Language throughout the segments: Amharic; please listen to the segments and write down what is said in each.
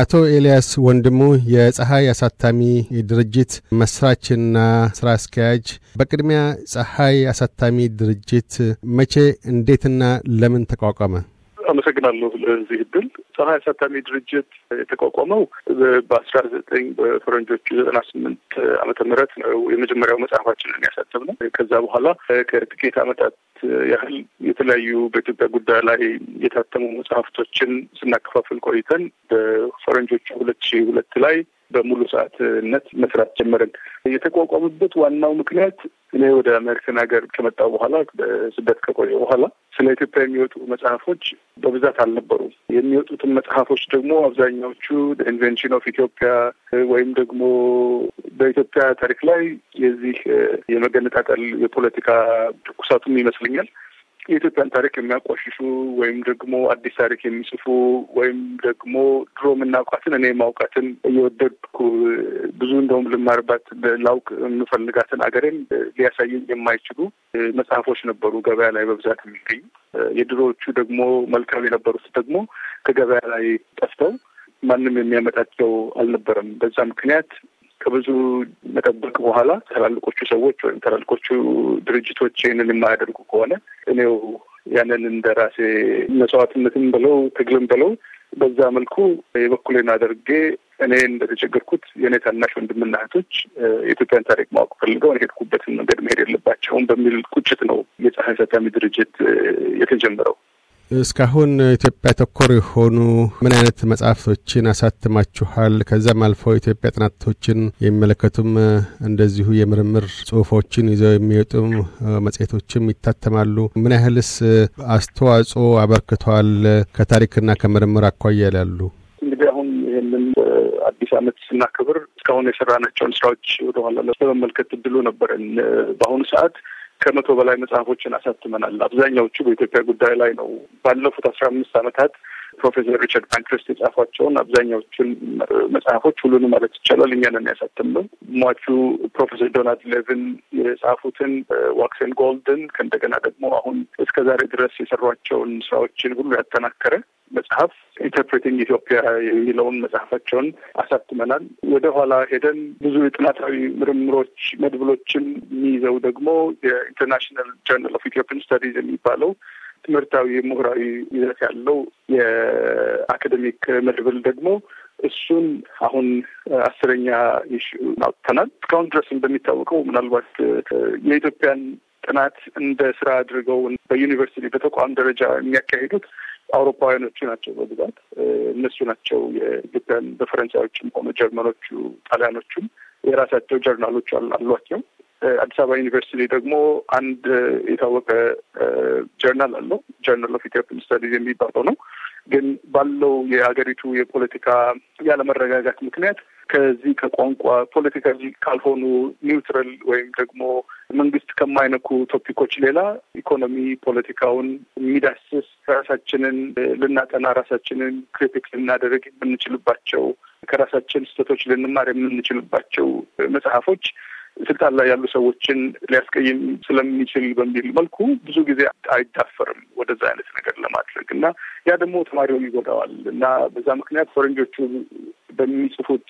አቶ ኤልያስ ወንድሙ የፀሐይ አሳታሚ ድርጅት መስራችና ስራ አስኪያጅ፣ በቅድሚያ ፀሐይ አሳታሚ ድርጅት መቼ እንዴትና ለምን ተቋቋመ? አመሰግናለሁ ለዚህ እድል። ፀሐይ አሳታሚ ድርጅት የተቋቋመው በአስራ ዘጠኝ በፈረንጆቹ ዘጠና ስምንት አመተ ምህረት ነው። የመጀመሪያው መጽሐፋችንን ያሳተም ነው። ከዛ በኋላ ከጥቂት ዓመታት ያህል የተለያዩ በኢትዮጵያ ጉዳይ ላይ የታተሙ መጽሐፍቶችን ስናከፋፍል ቆይተን በፈረንጆቹ ሁለት ሺህ ሁለት ላይ በሙሉ ሰዓትነት መስራት ጀመርን። የተቋቋመበት ዋናው ምክንያት እኔ ወደ አሜሪካን ሀገር ከመጣሁ በኋላ በስደት ከቆየ በኋላ ስለ ኢትዮጵያ የሚወጡ መጽሐፎች በብዛት አልነበሩም። የሚወጡትን መጽሐፎች ደግሞ አብዛኛዎቹ ኢንቨንሽን ኦፍ ኢትዮጵያ ወይም ደግሞ በኢትዮጵያ ታሪክ ላይ የዚህ የመገነጣጠል የፖለቲካ ትኩሳቱም ይመስለኛል የኢትዮጵያን ታሪክ የሚያቆሽሹ ወይም ደግሞ አዲስ ታሪክ የሚጽፉ ወይም ደግሞ ድሮ የምናውቃትን እኔ ማውቃትን እየወደድኩ ብዙ እንደውም ልማርባት ላውቅ የምፈልጋትን አገሬን ሊያሳየኝ የማይችሉ መጽሐፎች ነበሩ ገበያ ላይ በብዛት የሚገኙ። የድሮዎቹ ደግሞ መልካም የነበሩት ደግሞ ከገበያ ላይ ጠፍተው ማንም የሚያመጣቸው አልነበረም። በዛ ምክንያት ከብዙ መጠበቅ በኋላ ትላልቆቹ ሰዎች ወይም ትላልቆቹ ድርጅቶች ይህንን የማያደርጉ ከሆነ እኔው ያንን እንደ ራሴ መስዋዕትነትም ብለው ትግልም ብለው በዛ መልኩ የበኩሌን አድርጌ እኔ እንደተቸገርኩት የእኔ ታናሽ ወንድምና እህቶች የኢትዮጵያን ታሪክ ማወቅ ፈልገው የሄድኩበትን መንገድ መሄድ የለባቸውም በሚል ቁጭት ነው የፀሐይ ፈታሚ ድርጅት የተጀመረው። እስካሁን ኢትዮጵያ ተኮር የሆኑ ምን አይነት መጽሐፍቶችን አሳትማችኋል? ከዛም አልፎ የኢትዮጵያ ጥናቶችን የሚመለከቱም እንደዚሁ የምርምር ጽሁፎችን ይዘው የሚወጡም መጽሄቶችም ይታተማሉ። ምን ያህልስ አስተዋጽኦ አበርክተዋል? ከታሪክና ከምርምር አኳያ ይላሉ። እንግዲህ አሁን ይህንን አዲስ ዓመት ስናከብር እስካሁን የሰራናቸውን ስራዎች ወደኋላ በመመልከት እድሉ ነበረን። በአሁኑ ሰዓት ከመቶ በላይ መጽሐፎችን አሳትመናል። አብዛኛዎቹ በኢትዮጵያ ጉዳይ ላይ ነው። ባለፉት አስራ አምስት ዓመታት ፕሮፌሰር ሪቻርድ ፓንክረስት የጻፏቸውን አብዛኛዎቹን መጽሐፎች ሁሉንም ማለት ይቻላል እኛን ያሳተም ነው። ሟቹ ፕሮፌሰር ዶናልድ ሌቭን የጻፉትን ዋክሴን ጎልድን ከእንደገና ደግሞ አሁን እስከ ዛሬ ድረስ የሰሯቸውን ስራዎችን ሁሉ ያጠናከረ መጽሐፍ ኢንተርፕሬቲንግ ኢትዮጵያ የሚለውን መጽሐፋቸውን አሳትመናል። ወደ ኋላ ሄደን ብዙ የጥናታዊ ምርምሮች መድብሎችን የሚይዘው ደግሞ የኢንተርናሽናል ጀርናል ኦፍ ኢትዮጵያን ስታዲዝ የሚባለው ትምህርታዊ ምሁራዊ ይዘት ያለው የአካደሚክ መድብል ደግሞ እሱን አሁን አስረኛ ይሽ አውጥተናል። እስካሁን ድረስ እንደሚታወቀው ምናልባት የኢትዮጵያን ጥናት እንደ ስራ አድርገው በዩኒቨርሲቲ በተቋም ደረጃ የሚያካሂዱት አውሮፓውያኖቹ ናቸው። በብዛት እነሱ ናቸው የኢትዮጵያን በፈረንሳዮችም ሆነ ጀርመኖቹ፣ ጣሊያኖቹም የራሳቸው ጀርናሎች አሏቸው። አዲስ አበባ ዩኒቨርሲቲ ደግሞ አንድ የታወቀ ጀርናል አለው ጀርናል ኦፍ ኢትዮጵያን ስታዲዝ የሚባለው ነው። ግን ባለው የሀገሪቱ የፖለቲካ ያለመረጋጋት ምክንያት ከዚህ ከቋንቋ ፖለቲካዊ ካልሆኑ ኒውትራል ወይም ደግሞ መንግስት ከማይነኩ ቶፒኮች ሌላ ኢኮኖሚ፣ ፖለቲካውን የሚዳስስ ራሳችንን ልናጠና ራሳችንን ክሪቲክ ልናደርግ የምንችልባቸው ከራሳችን ስህተቶች ልንማር የምንችልባቸው መጽሐፎች ስልጣን ላይ ያሉ ሰዎችን ሊያስቀይም ስለሚችል በሚል መልኩ ብዙ ጊዜ አይዳፈርም ወደዛ አይነት ነገር ለማድረግ እና ያ ደግሞ ተማሪውን ይጎዳዋል እና በዛ ምክንያት ፈረንጆቹ በሚጽፉት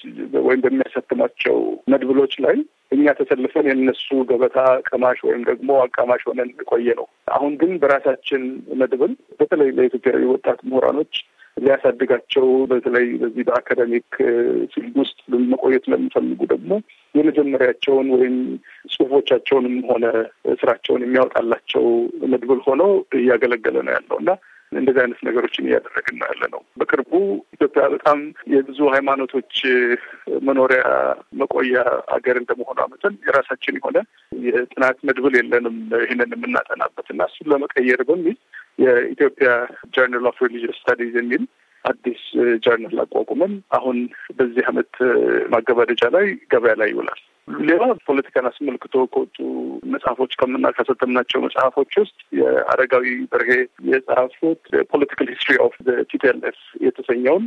ወይም በሚያሳትሟቸው መድብሎች ላይ እኛ ተሰልፈን የእነሱ ገበታ ቀማሽ ወይም ደግሞ አቃማሽ ሆነን ቆየ ነው። አሁን ግን በራሳችን መድብል በተለይ ለኢትዮጵያዊ ወጣት ምሁራኖች ሊያሳድጋቸው በተለይ በዚህ በአካዳሚክ ፊልድ ውስጥ መቆየት ለሚፈልጉ ደግሞ የመጀመሪያቸውን ወይም ጽሁፎቻቸውንም ሆነ ስራቸውን የሚያወጣላቸው መድብል ሆነው እያገለገለ ነው ያለው እና እንደዚህ አይነት ነገሮችን እያደረግን ነው ያለ ነው። በቅርቡ ኢትዮጵያ በጣም የብዙ ሃይማኖቶች መኖሪያ መቆያ ሀገር እንደመሆኗ መጠን የራሳችን የሆነ የጥናት መድብል የለንም ይህንን የምናጠናበት እና እሱን ለመቀየር በሚል የኢትዮጵያ ጀርናል ኦፍ ሪሊጂየስ ስታዲዝ የሚል አዲስ ጀርናል uh, አቋቁመን አሁን በዚህ አመት uh, ማገባደጃ ላይ ገበያ ላይ ይውላል። ሌላ ፖለቲካን አስመልክቶ ከወጡ መጽሐፎች ከምና ካሰጠምናቸው መጽሐፎች ውስጥ የአረጋዊ በርሄ የጻፉት ፖለቲካል ሂስትሪ ኦፍ ቲፒኤልኤፍ የተሰኘውን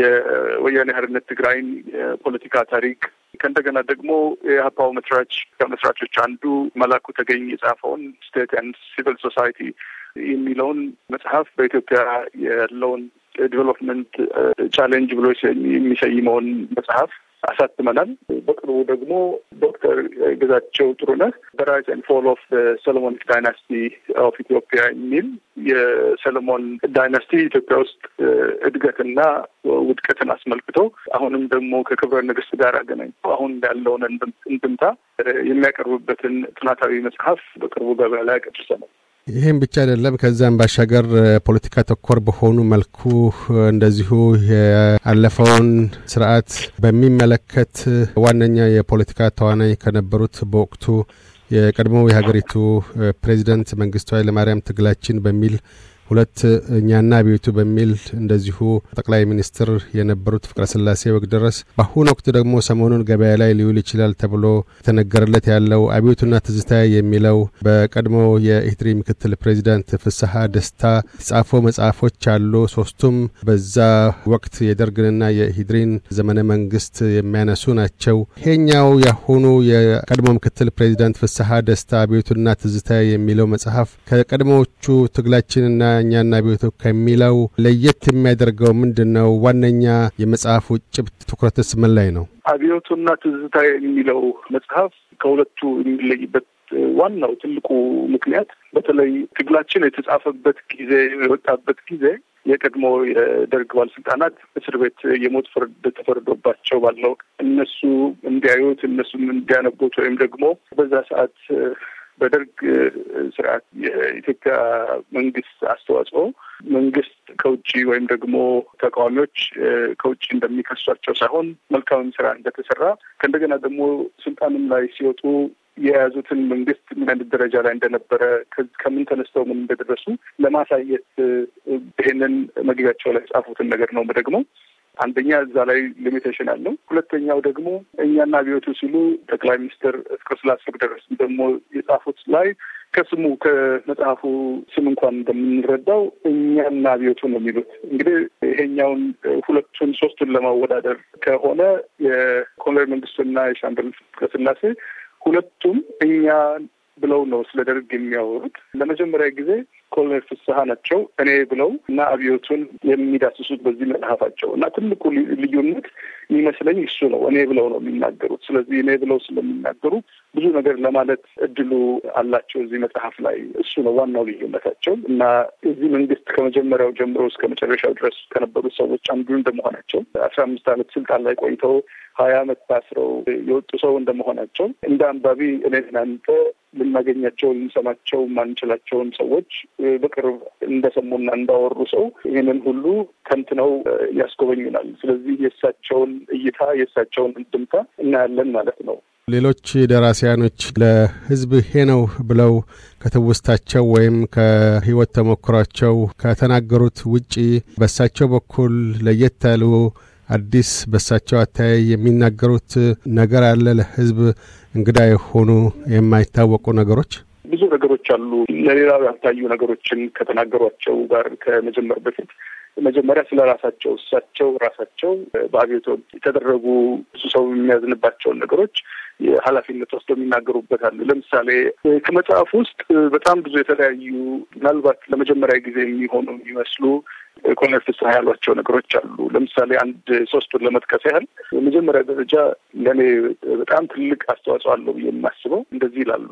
የወያኔ ሀርነት ትግራይን የፖለቲካ ታሪክ ከእንደገና ደግሞ የሀፓው መስራች ከመስራቾች አንዱ መላኩ ተገኝ የጻፈውን ስቴት ኤንድ ሲቪል ሶሳይቲ የሚለውን መጽሐፍ በኢትዮጵያ ያለውን ዲቨሎፕመንት ቻሌንጅ ብሎ የሚሰይመውን መጽሐፍ አሳትመናል። በቅርቡ ደግሞ ዶክተር ገዛቸው ጥሩነህ በራይዝ ኤንድ ፎል ኦፍ ሰለሞን ዳይናስቲ ኦፍ ኢትዮጵያ የሚል የሰለሞን ዳይናስቲ ኢትዮጵያ ውስጥ እድገትና ውድቀትን አስመልክቶ አሁንም ደግሞ ከክብረ ንግስት ጋር አገናኝ አሁን ያለውን እንድምታ የሚያቀርብበትን ጥናታዊ መጽሐፍ በቅርቡ ገበያ ላይ አቅርበናል። ይህም ብቻ አይደለም። ከዚያም ባሻገር ፖለቲካ ተኮር በሆኑ መልኩ እንደዚሁ ያለፈውን ስርዓት በሚመለከት ዋነኛ የፖለቲካ ተዋናይ ከነበሩት በወቅቱ የቀድሞው የሀገሪቱ ፕሬዚደንት መንግስቱ ኃይለማርያም ትግላችን በሚል ሁለት እኛና ቤቱ በሚል እንደዚሁ ጠቅላይ ሚኒስትር የነበሩት ፍቅረ ስላሴ ወግደረስ በአሁኑ ወቅት ደግሞ ሰሞኑን ገበያ ላይ ሊውል ይችላል ተብሎ የተነገረለት ያለው አብዮቱና ትዝታ የሚለው በቀድሞ የኢህትሪ ምክትል ፕሬዚዳንት ፍስሀ ደስታ የተጻፉ መጽሐፎች አሉ። ሶስቱም በዛ ወቅት የደርግንና የኢህድሪን ዘመነ መንግስት የሚያነሱ ናቸው። ይሄኛው ያሁኑ የቀድሞ ምክትል ፕሬዚዳንት ፍስሀ ደስታ አብዮቱና ትዝታ የሚለው መጽሐፍ ከቀድሞዎቹ ትግላችንና እኛና ቤቱ ከሚለው ለየት የሚያደርገው ምንድን ነው? ዋነኛ የመጽሐፉ ጭብት ትኩረትስ ምን ላይ ነው? አብዮቱና ትዝታ የሚለው መጽሐፍ ከሁለቱ የሚለይበት ዋናው ትልቁ ምክንያት በተለይ ትግላችን የተጻፈበት ጊዜ የወጣበት ጊዜ የቀድሞ የደርግ ባለስልጣናት እስር ቤት የሞት ፍርድ ተፈርዶባቸው ባለው እነሱ እንዲያዩት እነሱም እንዲያነቡት ወይም ደግሞ በዛ ሰዓት በደርግ ስርዓት የኢትዮጵያ መንግስት አስተዋጽኦ መንግስት ከውጭ ወይም ደግሞ ተቃዋሚዎች ከውጭ እንደሚከሷቸው ሳይሆን መልካምም ስራ እንደተሰራ ከእንደገና ደግሞ ስልጣንም ላይ ሲወጡ የያዙትን መንግስት ምን አይነት ደረጃ ላይ እንደነበረ ከምን ተነስተው ምን እንደደረሱ ለማሳየት ይህንን መግቢያቸው ላይ ጻፉትን ነገር ነው ደግሞ አንደኛ እዛ ላይ ሊሚቴሽን አለው። ሁለተኛው ደግሞ እኛና አብዮቱ ሲሉ ጠቅላይ ሚኒስትር እስከ ስላስር ድረስ ደግሞ የጻፉት ላይ ከስሙ ከመጽሐፉ ስም እንኳን እንደምንረዳው እኛና አብዮቱ ነው የሚሉት። እንግዲህ ይሄኛውን ሁለቱን ሶስቱን ለማወዳደር ከሆነ የኮሎኔል መንግስቱና የሻምበል ስላሴ ሁለቱም እኛ ብለው ነው ስለ ደርግ የሚያወሩት። ለመጀመሪያ ጊዜ ኮሎኔል ፍስሀ ናቸው እኔ ብለው እና አብዮቱን የሚዳስሱት በዚህ መጽሐፋቸው እና ትልቁ ልዩነት የሚመስለኝ እሱ ነው። እኔ ብለው ነው የሚናገሩት። ስለዚህ እኔ ብለው ስለሚናገሩ ብዙ ነገር ለማለት እድሉ አላቸው እዚህ መጽሐፍ ላይ። እሱ ነው ዋናው ልዩነታቸው እና እዚህ መንግስት ከመጀመሪያው ጀምሮ እስከ መጨረሻው ድረስ ከነበሩት ሰዎች አንዱ እንደመሆናቸው አስራ አምስት ዓመት ስልጣን ላይ ቆይተው ሀያ ዓመት ታስረው የወጡ ሰው እንደመሆናቸው እንደ አንባቢ እኔ እናንተ ልናገኛቸው ልንሰማቸው ማንችላቸውን ሰዎች በቅርብ እንደሰሙና እንዳወሩ ሰው ይህንን ሁሉ ተንትነው ያስጎበኙናል። ስለዚህ የእሳቸውን እይታ የእሳቸውን እንድምታ እናያለን ማለት ነው። ሌሎች ደራሲያኖች ለሕዝብ ይሄ ነው ብለው ከትውስታቸው ወይም ከሕይወት ተሞክሯቸው ከተናገሩት ውጪ በሳቸው በኩል ለየት ያሉ አዲስ በሳቸው አተያይ የሚናገሩት ነገር አለ ለሕዝብ እንግዳ የሆኑ የማይታወቁ ነገሮች ብዙ ነገሮች አሉ። ለሌላ ያልታዩ ነገሮችን ከተናገሯቸው ጋር ከመጀመር በፊት መጀመሪያ ስለ ራሳቸው እሳቸው ራሳቸው በአብዮት የተደረጉ ብዙ ሰው የሚያዝንባቸውን ነገሮች ኃላፊነት ወስደው የሚናገሩበት አሉ። ለምሳሌ ከመጽሐፍ ውስጥ በጣም ብዙ የተለያዩ ምናልባት ለመጀመሪያ ጊዜ የሚሆኑ የሚመስሉ ኮነር ፍስሀ ያሏቸው ነገሮች አሉ። ለምሳሌ አንድ ሶስቱን ለመጥቀስ ያህል የመጀመሪያ ደረጃ ለእኔ በጣም ትልቅ አስተዋጽኦ አለው ብዬ የማስበው እንደዚህ ይላሉ።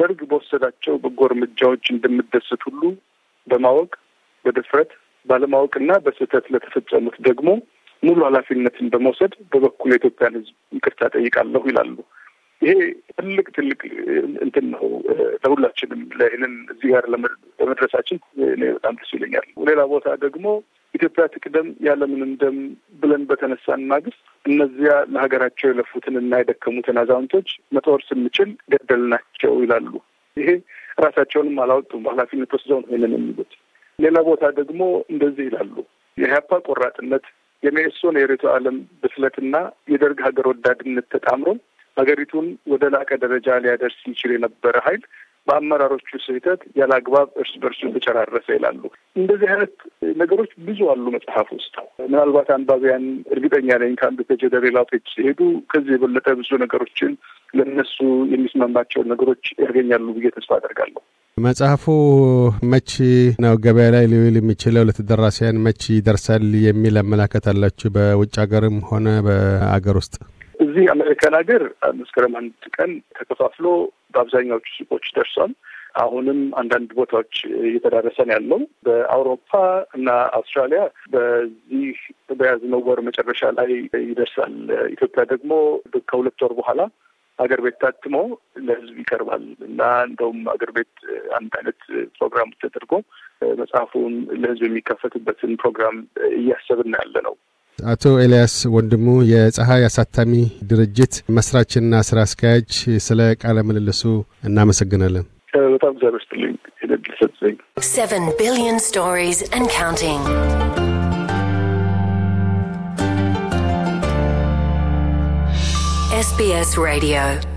ደርግ በወሰዳቸው በጎ እርምጃዎች እንደምደሰት ሁሉ በማወቅ በድፍረት ባለማወቅና በስህተት ለተፈጸሙት ደግሞ ሙሉ ኃላፊነትን በመውሰድ በበኩል የኢትዮጵያን ሕዝብ ይቅርታ ጠይቃለሁ ይላሉ። ይሄ ትልቅ ትልቅ እንትን ነው ለሁላችንም። ለይህንን እዚህ ጋር ለመድረሳችን እኔ በጣም ደስ ይለኛል። ሌላ ቦታ ደግሞ ኢትዮጵያ ትቅደም ያለምንም ደም ብለን በተነሳን ማግስት እነዚያ ለሀገራቸው የለፉትን እና የደከሙትን አዛውንቶች መጦር ስንችል ገደልናቸው ይላሉ። ይሄ ራሳቸውንም አላወጡም፣ ኃላፊነት ወስደው ነው ይንን የሚሉት። ሌላ ቦታ ደግሞ እንደዚህ ይላሉ። የኢህአፓ ቆራጥነት፣ የመኢሶን የሬቶ ዓለም ብስለትና የደርግ ሀገር ወዳድነት ተጣምሮ ሀገሪቱን ወደ ላቀ ደረጃ ሊያደርስ ይችል የነበረ ሀይል በአመራሮቹ ስህተት ያለ አግባብ እርስ በርሱ ተጨራረሰ ይላሉ። እንደዚህ አይነት ነገሮች ብዙ አሉ መጽሐፍ ውስጥ። ምናልባት አንባቢያን እርግጠኛ ነኝ ከአንድ ፔጅ ወደ ሌላው ፔጅ ሲሄዱ ከዚህ የበለጠ ብዙ ነገሮችን ለነሱ የሚስማማቸውን ነገሮች ያገኛሉ ብዬ ተስፋ አደርጋለሁ። መጽሐፉ መች ነው ገበያ ላይ ሊውል የሚችለው? ለተደራሲያን መች ይደርሳል የሚል አመላከት አላችሁ? በውጭ ሀገርም ሆነ በአገር ውስጥ እዚህ አሜሪካን ሀገር መስከረም አንድ ቀን ተከፋፍሎ በአብዛኛዎቹ ሱቆች ደርሷል። አሁንም አንዳንድ ቦታዎች እየተዳረሰ ነው ያለው። በአውሮፓ እና አውስትራሊያ በዚህ በያዝነው ወር መጨረሻ ላይ ይደርሳል። ኢትዮጵያ ደግሞ ከሁለት ወር በኋላ ሀገር ቤት ታትሞ ለሕዝብ ይቀርባል እና እንደውም ሀገር ቤት አንድ አይነት ፕሮግራም ተደርጎ መጽሐፉን ለሕዝብ የሚከፈትበትን ፕሮግራም እያሰብን ያለ ነው። አቶ ኤልያስ ወንድሙ የፀሐይ አሳታሚ ድርጅት መስራችና ስራ አስኪያጅ፣ ስለ ቃለ ምልልሱ እናመሰግናለን። በጣም ዛር ውስጥልኝ የድል ሰጥዘኝ Seven billion stories and counting. SBS Radio